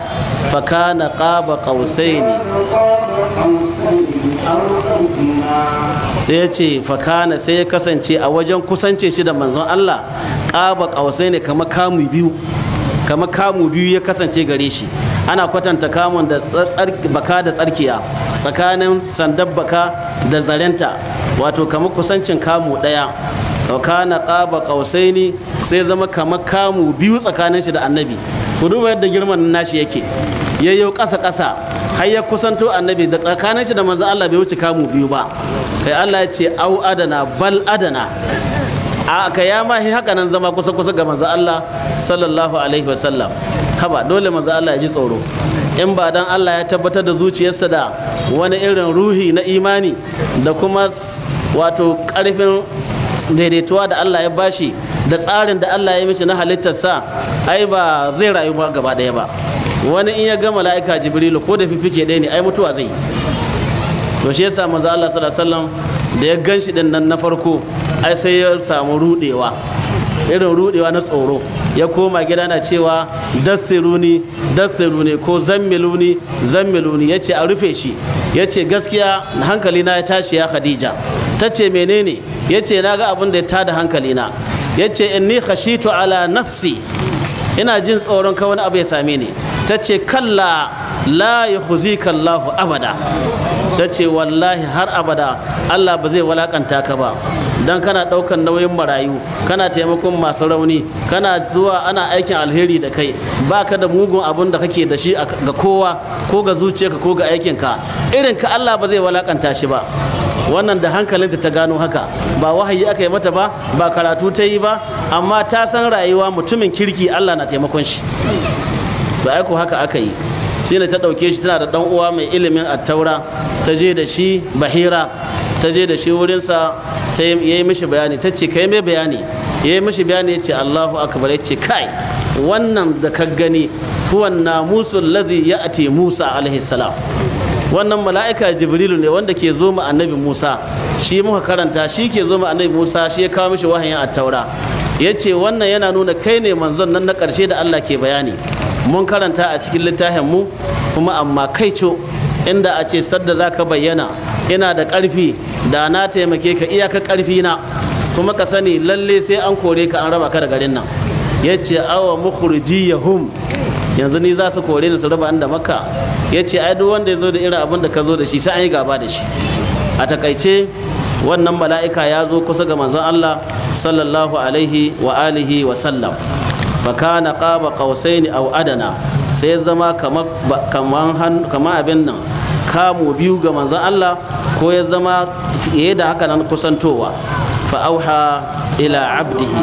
fakana ƙaba ƙausai ne sai ya ce fakana sai ya kasance a wajen kusancin shi da manzon Allah ƙaba ƙausai ne kamu biyu kama kamu biyu ya kasance gare shi ana kwatanta kamun da baka da tsarkiya tsakanin sandar baka da zarenta wato kamar kusancin kamu ɗaya kana ƙaba ne sai zama kamar kamu biyu tsakanin shi da annabi ku duba yadda girman nashi yake yayyau ƙasa ƙasa har ya kusanto annabi da tsakanin shi da manzon Allah bai wuce kamu biyu ba kai Allah ya ce au adana bal adana a ka ya ma haka nan zama kusa kusa ga manzon Allah sallallahu alaihi wasallam haba dole maza Allah ya ji tsoro in ba dan Allah ya tabbatar da zuciyarsa da wani irin ruhi na imani da kuma wato karfin daidaituwa da Allah ya bashi da tsarin da Allah ya mishi na halittarsa ai ba zai rayu ba gaba ɗaya ba wani in ya ga mala'ika jibrilu ko da fifike ɗaya ne ai mutuwa zai to shi yasa maza Allah sallallahu alaihi wasallam da ya ganshi din nan na farko ai sai ya samu rudewa irin rudewa na tsoro ya koma gida na cewa dasiruni ne, ko zammiluni zammiluni ya ce a rufe shi ya ce gaskiya hankalina ya tashi ya khadija ta ce menene ya ce na ga abin da ya tada hankali na ya ce inni khashitu ala nafsi ina jin tsoron kawai abu ya same ni ta ce kalla la ya kallahu abada ta ce wallahi har abada allah ba zai walakanta ka ba dan kana ɗaukan nauyin marayu kana taimakon masu rauni kana zuwa ana aikin alheri da kai baka da mugun abin da kake da shi ga kowa ko ga zuciyarka ko ga aikinka irin ka Allah ba zai walakanta shi ba wannan da hankalinta ta gano haka ba wahayi aka yi mata ba ba karatu ta yi ba amma ta san rayuwa mutumin kirki Allah na taimakon shi to aiko haka aka yi ne ta ɗauke shi tana da ɗan uwa mai ilimin attaura ta je da shi bahira ta je da shi wurinsa ta yi mishi bayani ta ce kai mai bayani ya yi mishi bayani ya ce allahu akbar ya ce kai wannan da ka gani huwan ya ladhi ya'ti musa alaihi salam wannan mala'ika jibrilu ne wanda ke zo ma annabi musa shi muka karanta shi ke zo ma annabi musa shi ya kawo mishi wahayin attaura ya ce wannan yana nuna kai ne manzon nan na karshe da allah ke bayani mun karanta a cikin littafin mu kuma amma kai co inda a ce sadda za ka bayyana ina da ƙarfi da na taimake ka iyaka karfi na kuma ka sani lalle sai an kore ka an raba ka da garin nan ya ce awa hum? yanzu ni za su kore ni su raba da maka. ya ce ai duk wanda ya zo da irin abin da ka zo da shi sai an yi gaba da shi a takaice wannan mala'ika ya zo kusa ga manzon Allah sallallahu alaihi wa alihi wa sallam fakana qaba qausaini aw adana sai zama kamar abin nan kamu biyu ga manzan Allah ko ya zama fiye da haka nan kusantowa fa ila abdihi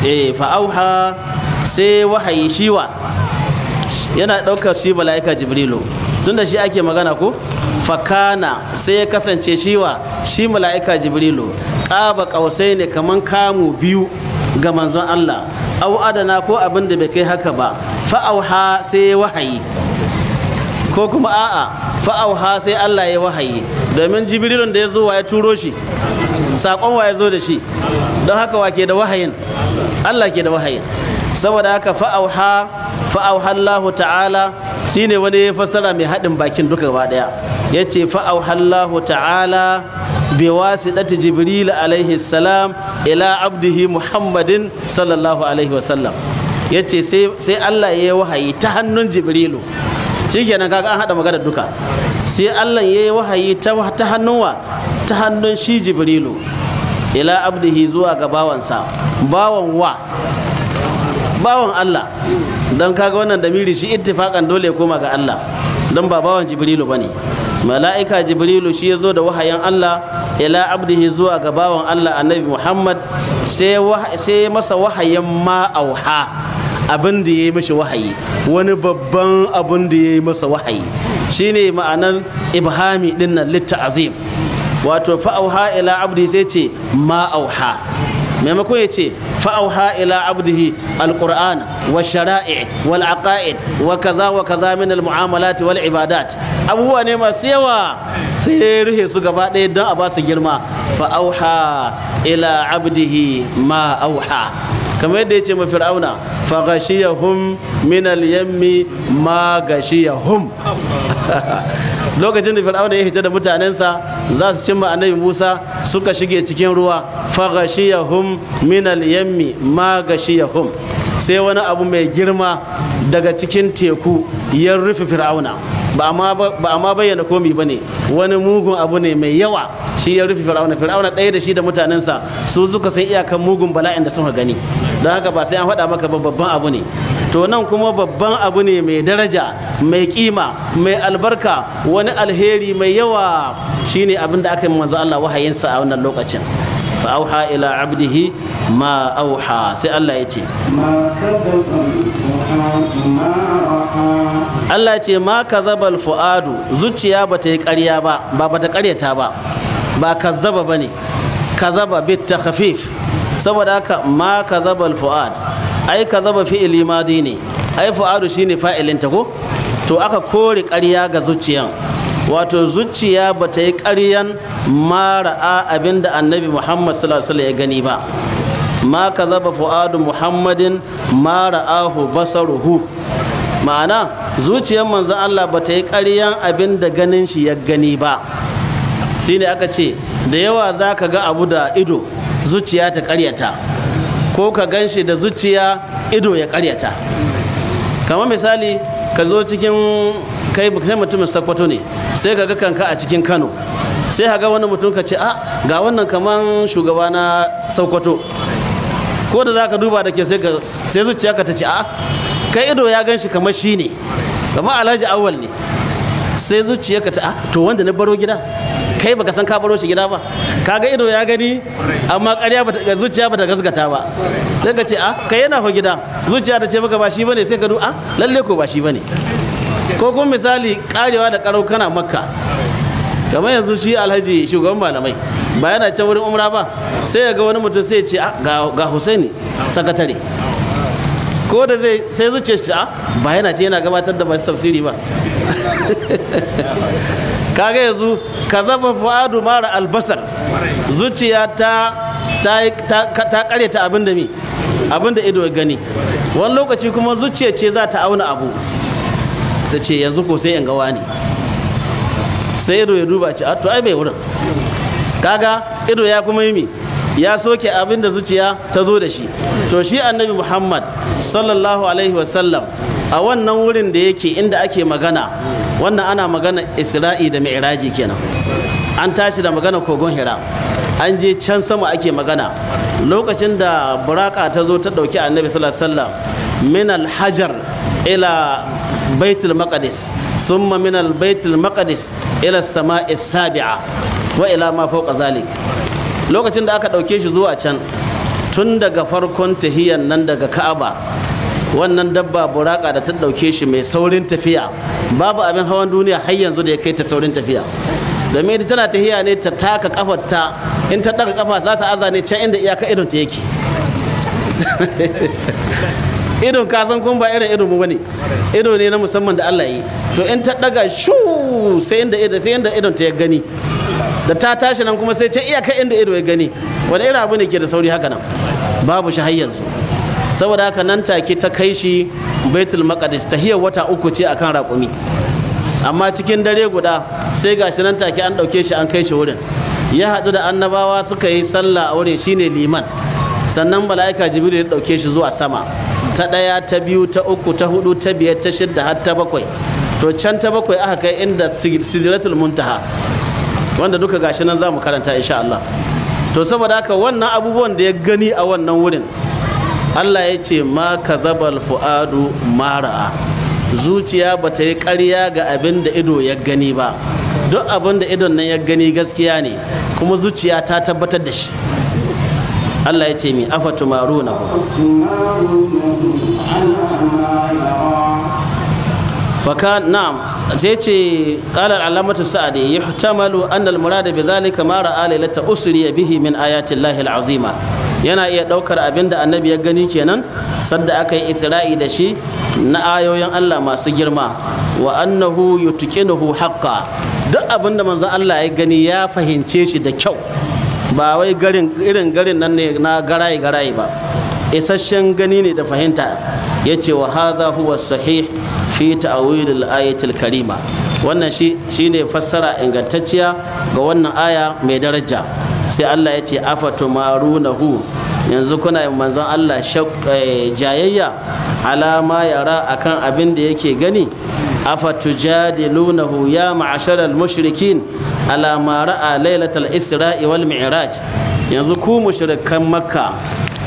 eh fa auha sai wahayi shiwa yana ɗaukar shi mala'ika jibrilu da shi ake magana ko fakana sai ya kasance shiwa shi mala'ika jibrilu ƙaba ƙausai ne kaman kamu biyu ga manzon Allah au adana ko abin da bai kai haka ba fa'auha sai ya wahayi ko kuma a'a fa'auha sai Allah ya wahayi domin jibrilun da ya zo wa ya turo shi saƙon wa ya zo da shi don haka wa ke da wahayin Allah ke da wahayin saboda haka fa'auha fa'auha Allah ta'ala shine wani fassara mai haɗin bakin duka gaba ɗaya ya ce fa'auha Allah ta'ala biwasitati jibril alaihi salam ila abdihi muhammadin sallallahu alaihi wasallam ya ce sai allah ya yi wahayi ta hannun jibrilu shikenan kaga an haɗa magana duka sai allah ya yi wahayi ta hannun wa ta hannun shi jibrilu ila abdihi zuwa ga bawansa bawan wa bawan allah don kaga wannan damiri shi ittifakan dole ya koma ga allah don ba bawan jibrilu ba ne mala'ika jibrilu shi ya zo da wahayin allah ila abdihi zuwa ga bawan allah annabi muhammad sai masa wahayin auha abin da ya yi mashi wahayi wani babban abin da ya yi masa wahayi shine ma'anar ibhami dinnan litta azim wato fa'auha ila abdi sai ce ma'auha maimakon ya ce fa'auha ila abdihi alqur'an wa shara'i wal aqaid wa kaza wa kaza min al mu'amalat wal ibadat abubuwa ne masu yawa sai ya rufe su gaba ɗaya don a ba su girma fa'auha ila abdihi ma auha kamar yadda ya ce mafi fir'auna fa gashiyahum min al yammi ma gashiyahum lokacin da fir'auna ya fita da mutanensa za su cimma annabi musa suka shige cikin ruwa faghashiyahum min al-yammi ma gashiyahum sai wani abu mai girma daga cikin teku ya rufe fir'auna ba a ma bayyana komi ba ne wani mugun abu ne mai yawa shi ya rufe fir'auna fir'auna ɗaya da shi da mutanensa su suka san iyakan mugun bala'in da suka gani don haka ba sai an faɗa maka babban abu ne to nan kuma babban abu ne mai daraja mai kima mai albarka wani alheri mai yawa shine abin da aka yi manzo Allah wahayinsa a wannan lokacin fa auha ila abdihi ma auha sai Allah ya ce Allah ya ce ma kazabal fuadu zuciya ba ta yi ƙarya ba ba bata ƙaryata ba ba kazzaba bane kazaba bit takhfif saboda haka ma kazabal fuad ai ka zaba fi'ili madi ne ai fu'adu shine fa'ilinta ko to aka kore ƙarya ga zuciya, wato zuciya ba ta yi ƙaryan abin abinda annabi muhammad sallallahu ya gani ba ma ka zaba fa'adu muhammadin mara ahu basaruhu ma'ana zuciyar manzo allah ba ta yi ƙaryan abin da ganin shi ya gani ba shine aka ce da yawa za ka ga abu da ido zuciya ta ƙaryata ko ka gan shi da zuciya ido ya karyata kamar misali ka zo cikin kai mutumin sakwato ne sai ka ga kanka a cikin kano sai ga wani mutum ka ce a ah, ga wannan kaman shugaba na sakwato ko da za ka duba da ke sai zuciya ka ta ce a ah, kai ido ya gan shi kamar shi ne kamar alhaji awal ne sai zuciya ka ta a ah, to wanda na baro gida kai baka san ka baro shi gida ba kaga ido ya gani amma ƙarya zuciya bata gasgata ba sai ka ce a ah, kai yana fa gida zuciya ta ce maka ba shi bane sai ka du a ah, lalle ko ba shi bane ko kuma misali karewa da karau kana makka kamar yanzu shi alhaji shugaban malamai ba yana can wurin umra ba sai ya ga wani mutum sai ya ce ah, ga husaini sakatare ko da zai sai zuciya shi a ba yana ce yana gabatar da masu tafsiri ba kaga yanzu ka zaba fa'adu mara albasar zuciya ta ta karyata abin da mi abin da ido gani wani lokaci kuma zuciya ce za ta auna abu ta ce yanzu ko sai in gawa ne. sai ido ya duba ce to ai bai wurin kaga ido ya kuma yi mi? ya soke abin da zuciya ta zo da shi to shi annabi muhammad sallallahu alaihi wasallam a wannan wurin da yake inda ake magana wannan ana magana isra'i da mi'raji kenan an tashi da magana kogon hira an je can sama ake magana lokacin da buraka ta zo ta ɗauki annabi sallallahu min alhajar ila baitul maqdis thumma min baitul maqdis ila sama'i sabi'a wa ila ma fawqa zalik lokacin da aka ɗauke shi zuwa can tun daga farkon tahiyan nan daga ka'aba wannan dabba buraka da ta dauke shi mai saurin tafiya babu abin hawan duniya har yanzu da ya kai ta saurin tafiya domin ita tana tafiya ne ta taka kafarta ta in ta daga kafa za ta aza ne can inda iyaka idon ta yake idon ka san kun ba irin idon bane ido ne na musamman da Allah yi to in ta daga shu sai inda idon sai inda idon ta ya gani da ta tashi nan kuma sai ta iyaka inda ido ya gani wani irin abu ne ke da sauri haka nan babu shi har yanzu saboda haka nan take ta kai shi baitul maqdis tahiyar wata uku ce akan raƙumi amma cikin dare guda sai gashi nan take an ɗauke shi an kai shi wurin ya haɗu da annabawa suka yi sallah a wurin shine liman sannan mala'ika jibril ya ɗauke shi zuwa sama ta ɗaya ta biyu ta uku ta hudu ta biyar ta shidda har ta bakwai to can ta bakwai aka kai inda sidratul muntaha wanda duka gashi nan za mu karanta insha Allah to saboda haka wannan abubuwan da ya gani a wannan wurin Allah ya ce ma ka zabal fuadu mara'a zuciya ba ta yi ƙarya ga abin da ido ya gani ba duk abin da idon nan ya gani gaskiya ne kuma zuciya ta tabbatar da shi Allah ya ce mi afatumaruna fakan na'am zai ce qala alamatu sa'adi yuhtamalu anna al-murada bi dhalika ma ra'a lailata usriya bihi min ayati llahi al-azima yana iya ɗaukar abin da annabi ya gani kenan sadda aka yi isra'i da shi na ayoyin Allah masu girma wa annahu yutqinuhu haqqa duk abin da manzon Allah ya gani ya fahimce shi da kyau ba wai garin irin garin nan ne na garayi garayi ba isasshen gani ne da fahimta ya ce wa hadha huwa sahih fi ta'awil ayatil karima wannan shi shine fassara ingantacciya ga wannan aya mai daraja sai Allah ya ce afatumarunahu yanzu kuna yin manzon Allah eh, jayayya alama yara akan abin da yake gani afatujadilunahu ya ma'ashar al-mushrikin ala ma ra'a lailatul isra'i wal mi'raj yanzu ku mushrikan makka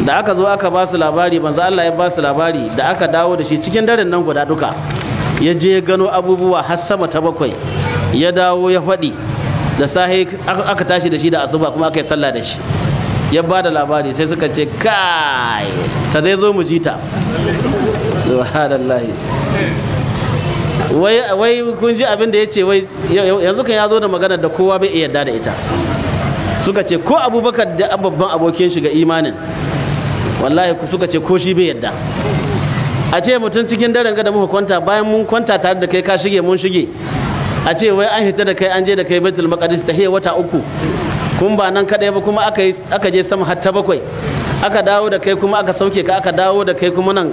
da aka zo aka ba su labari manzo Allah ya ba su labari da aka dawo da shi cikin daren nan guda duka ya je gano abubuwa har sama ta bakwai ya dawo ya faɗi da sahi aka tashi da shi da asuba kuma aka yi sallah da shi ya ba da labari sai suka ce kai ta zai zo mu ji ta wai kun ji abin da ya ce wai yanzu kan ya zo da magana da kowa bai iya yarda da ita suka ce ko abubakar da babban abokin shiga imanin wallahi suka ce ko shi bai yarda a ce mutum cikin daren ga da muka kwanta bayan mun kwanta tare da kai ka shige mun shige a ce wai an hita da kai an je da kai baitul maqdis ta wata uku kun ba nan kadai ba kuma aka aka je sama hatta bakwai aka dawo da kai kuma aka sauke ka aka dawo da kai kuma nan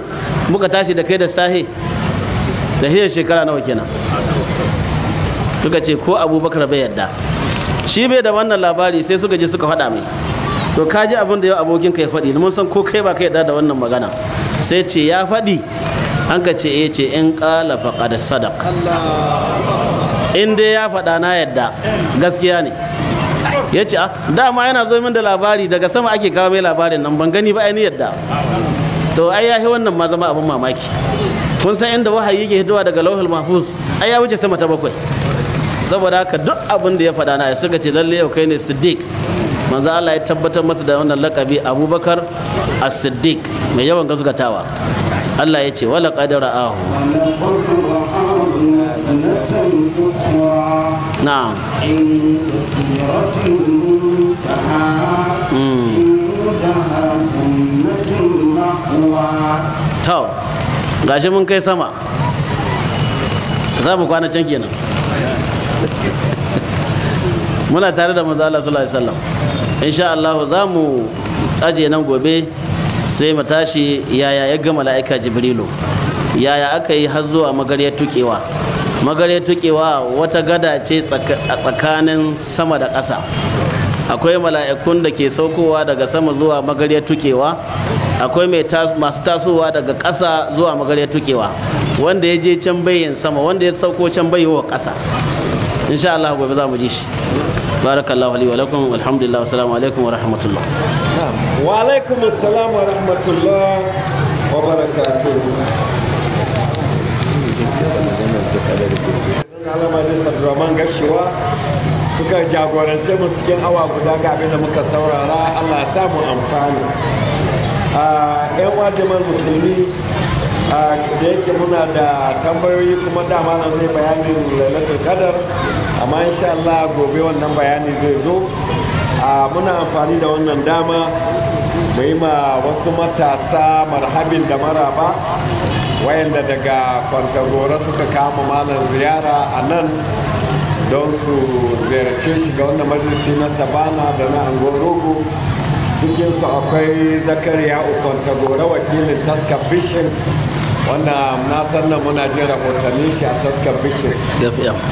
muka tashi da kai da sahi tahiyya shekara nawa kenan suka ce ko abubakar bai yadda shi bai da wannan labari sai suka je suka faɗa mai to ka ji abin da yau abokin ka ya faɗi mun san ko kai ba ka yadda da wannan magana sai ce ya faɗi an ka ce ya eh, ce in ƙala faƙa da Allah in dai ya faɗa na yadda gaskiya ne ya ce ah, dama yana zo min da labari daga sama ake kawo mai labarin nan ban gani ba ai yadda to ai ya wannan ma zama abin mamaki kun san inda wahayi yake hidowa daga lauhul mahfuz ai ya wuce sama ta bakwai saboda haka duk abin da ya faɗa na suka ce lalle yau kai ne siddiq manzo Allah ya tabbatar masa da wannan lakabi abubakar as-siddiq mai yawan gaskatawa Allah ya ce wala qadara ahu Mm. gashi mun kai sama za mu kwana can kenan muna tare da manzo Allah sallallahu alaihi wasallam insha Allah za mu tsaje nan gobe sai mu tashi yaya ya ga mala'ika jibrilu yaya aka yi har zuwa magariyar tukewa magare tukewa wata gada ce a tsakanin sama da ƙasa akwai mala'ikun da ke saukowa daga sama zuwa magare tukewa akwai masu tasowa daga ƙasa zuwa magare tukewa wanda ya je can bayin sama wanda ya sauko can bayowa ƙasa insha Allah gobe za mu ji shi barakallahu li wa lakum alhamdulillah assalamu alaikum wa rahmatullah wa alaikum assalam wa rahmatullah wa barakatuh kalama da sarraman gashewa suka jagorance mu cikin awa guda ga abin da muka saurara allah samu amfani a yan wajimar musulmi da yake muna da tambayoyi kuma dama na zai bayanin lailatul kadar amma insha allah gobe wannan bayani zai zo muna amfani da wannan dama mai ma wasu matasa marhabin da maraba wayanda daga farkagora suka kama malam ziyara a nan don su ziyarce shi ga wannan majalisi na sabana da na angorogo su akwai zakariya ukwantagora wakilin taska fishing wanda na san muna jin rahotanni shi a taskar bishir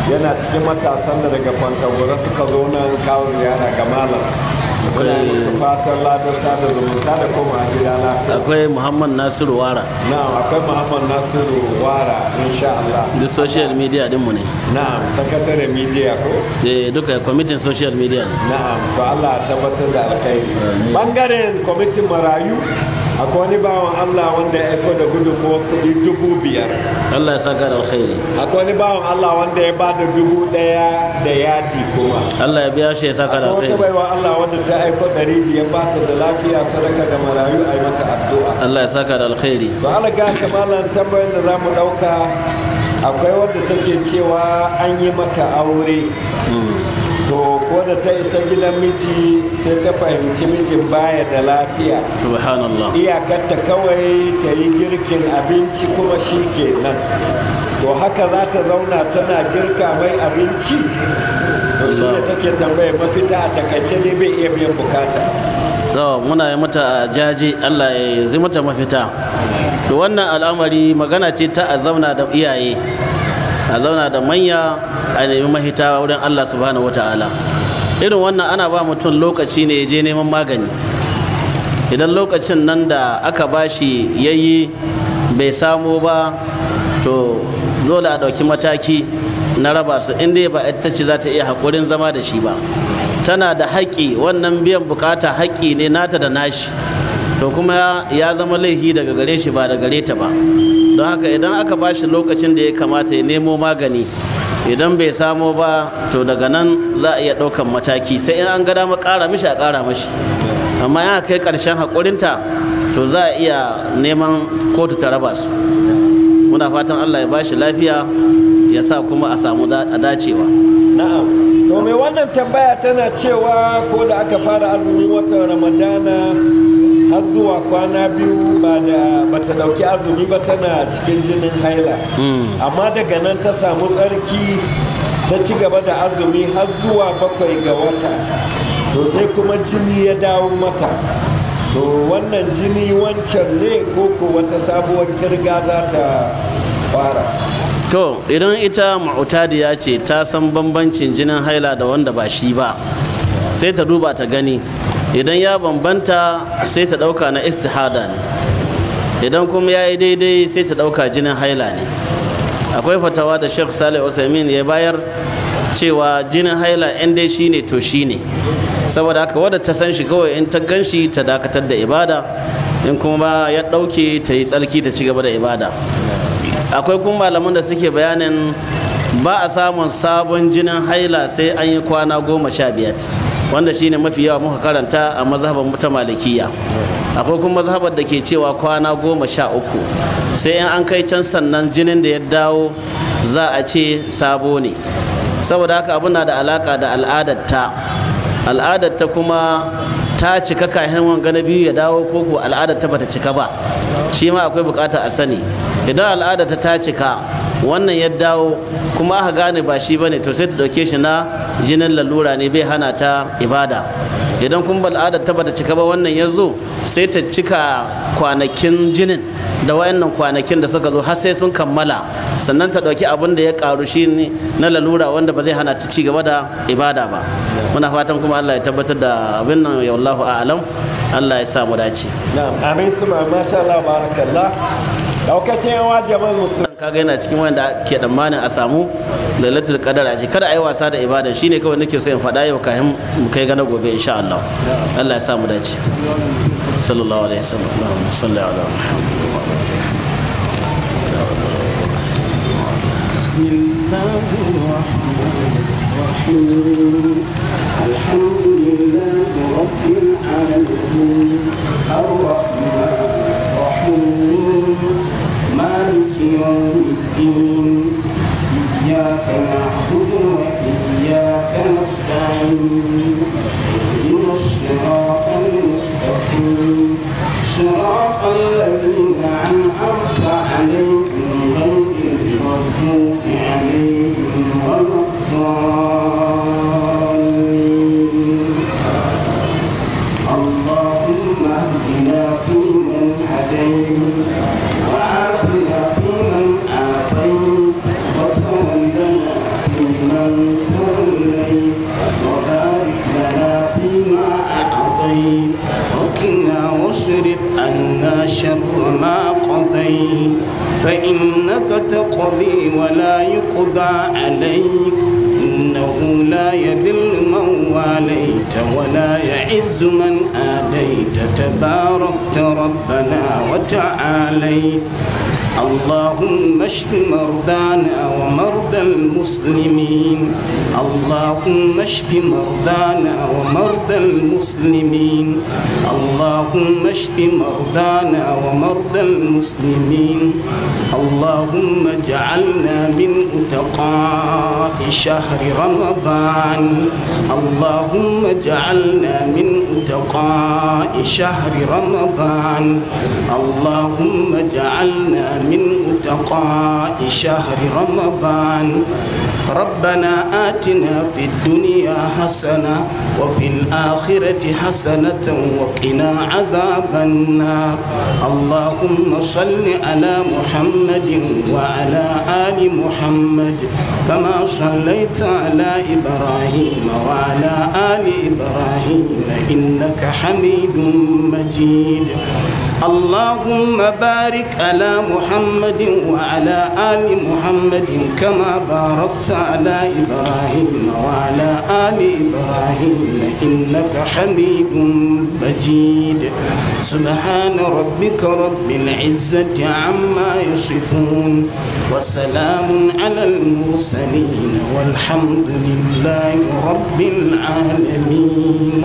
yana cikin matasan da daga kwantagora suka zo nan kawo ziyara ga malam akwai muhammad nasiru wara na'am akwai muhammad nasiru wara insha Allah duk social media din mu ne na'am sakatare media ko eh duka committee social media na na'am to Allah tabbatar da alkhairi bangaren committee marayu akwai wani bawan Allah wanda ya aiko da ko kuɗi dubu biyar Allah ya saka da alkhairi akwai wani bawan Allah wanda ya ba da dubu ɗaya da yadi kuma Allah ya biya shi ya saka da alkhairi akwai wani Allah wanda ta aiko ɗari biyar ba ta da lafiya sadaka da marayu a yi mata addu'a Allah ya saka da alkhairi to Allah ga kamalan tambayar da za mu ɗauka akwai wanda take cewa an yi mata aure hmm. to ko da ta isa gidan miji sai ta fahimci mijin baya da lafiya subhanallah iyakarta kawai ta yi girkin abinci kuma shi ke nan to haka za ta zauna tana girka mai abinci to shi ne take tambaya mafita a takaice ne bai iya biyan bukata to muna yi mata jaji Allah ya zai mata mafita to wannan al'amari magana ce ta a zauna da iyaye a zauna da manya a nemi mahita wurin Allah subhanahu wata'ala irin wannan ana ba mutum lokaci ne je neman magani idan lokacin nan da aka bashi yayi bai samo ba to dole a ɗauki mataki na raba su inda ba ita ce za ta iya haƙurin zama da shi ba tana da haƙƙi wannan biyan bukata haƙƙi ne nata da nashi to kuma ya zama laifi daga gare shi ba da gare ta ba don haka idan aka ba shi lokacin da ya kamata ya nemo magani idan bai samo ba to daga nan za a iya ɗaukan mataki sai in an ga dama ƙara mishi a kara mishi amma yana kai ƙarshen haƙurinta to za a iya neman kotu ta raba su muna fatan allah ya ba shi lafiya ya sa kuma a samu a dacewa na'am to mai wannan tambaya tana cewa ko da aka fara azumin watan ramadana har zuwa kwana biyu ba da bata dauki azumi ba tana cikin jinin haila hmm. amma daga nan ta samu tsarki ta ci gaba da azumi har zuwa bakwai ga wata to sai kuma jini ya dawo mata to wannan jini wancan ne ko ko wata sabuwar kirga za ta fara to idan ita ma'utadiya ce ta san bambancin jinin haila da wanda ba shi ba sai ta duba ta gani idan ya bambanta sai ta ɗauka na istihada ne idan kuma ya yi daidai sai ta ɗauka jinin haila ne akwai fatawa da sheikh salih usaimin ya bayar cewa jinin haila in dai shi ne to shi ne saboda haka wadda ta san shi kawai in ta gan shi ta dakatar da ibada in kuma ya ɗauke ta yi tsarki ta ci gaba da ibada akwai kuma malaman da suke bayanin ba a samun sabon jinin haila sai an yi kwana goma sha biyar wanda shine mafi yawa muka karanta a mazhabar ta malikiya akwai kuma mazhabar da ke cewa kwana goma sha uku sai in an kai can sannan jinin da ya dawo za a ce sabo ne saboda haka abu na da alaka da al'adarta al'adatta kuma ta cika kayan wanga na biyu ya dawo ko ko al'adarta bata cika ba shi ma akwai bukata a sani idan al'adarta ta cika wannan ya dawo kuma aka gane ba shi bane to sai ta dauke shi na jinin lalura ne bai hana ta ibada idan kun al'adar ta bata cika ba wannan ya zo sai ta cika kwanakin jinin da wayannan kwanakin da suka zo har sai sun kammala sannan ta ɗauki abin da ya karu shi na lalura wanda ba zai hana ta ci gaba da ibada ba muna fatan kuma Allah ya tabbatar da abin nan ya wallahu a'lam Allah ya samu dace na'am amin suma masha Allah barakallah daukacin yawa jama'a musulmi kaga yana cikin wanda ke tsammanin a samu lailatul qadar a ce kada ayi wasa da ibada shine kawai nake so in faɗa yau kafin mu kai gana gobe insha Allah Allah ya sa mu dace sallallahu alaihi wasallam sallallahu alaihi wasallam bismillahir rahmanir الرحيم الحمد لله رب العالمين الرحمن يوم الدين إياك نعبد وإياك نستعين اهدنا الصراط المستقيم صراط الذين يقضى عليك إنه لا يذل من واليت ولا يعز من آليت تباركت ربنا وتعاليت اللهم اشف مرضانا ومرضى المسلمين اللهم اشف مرضانا ومرضى المسلمين اللهم اشف مرضانا ومرضى المسلمين اللهم اجعلنا من أتقاء شهر رمضان اللهم اجعلنا من أتقاء شهر رمضان اللهم اجعلنا من أتقاء شهر رمضان ربنا آتنا في الدنيا حسنة وفي الآخرة حسنة وقنا عذاب النار اللهم صل على محمد وعلى آل محمد كما صليت على إبراهيم وعلى آل إبراهيم إنك حميد مجيد اللهم بارك على محمد وعلى آل محمد كما باركت على إبراهيم وعلى آل إبراهيم إنك حميد مجيد سبحان ربك رب العزة عما يصفون وسلام على المرسلين والحمد لله رب العالمين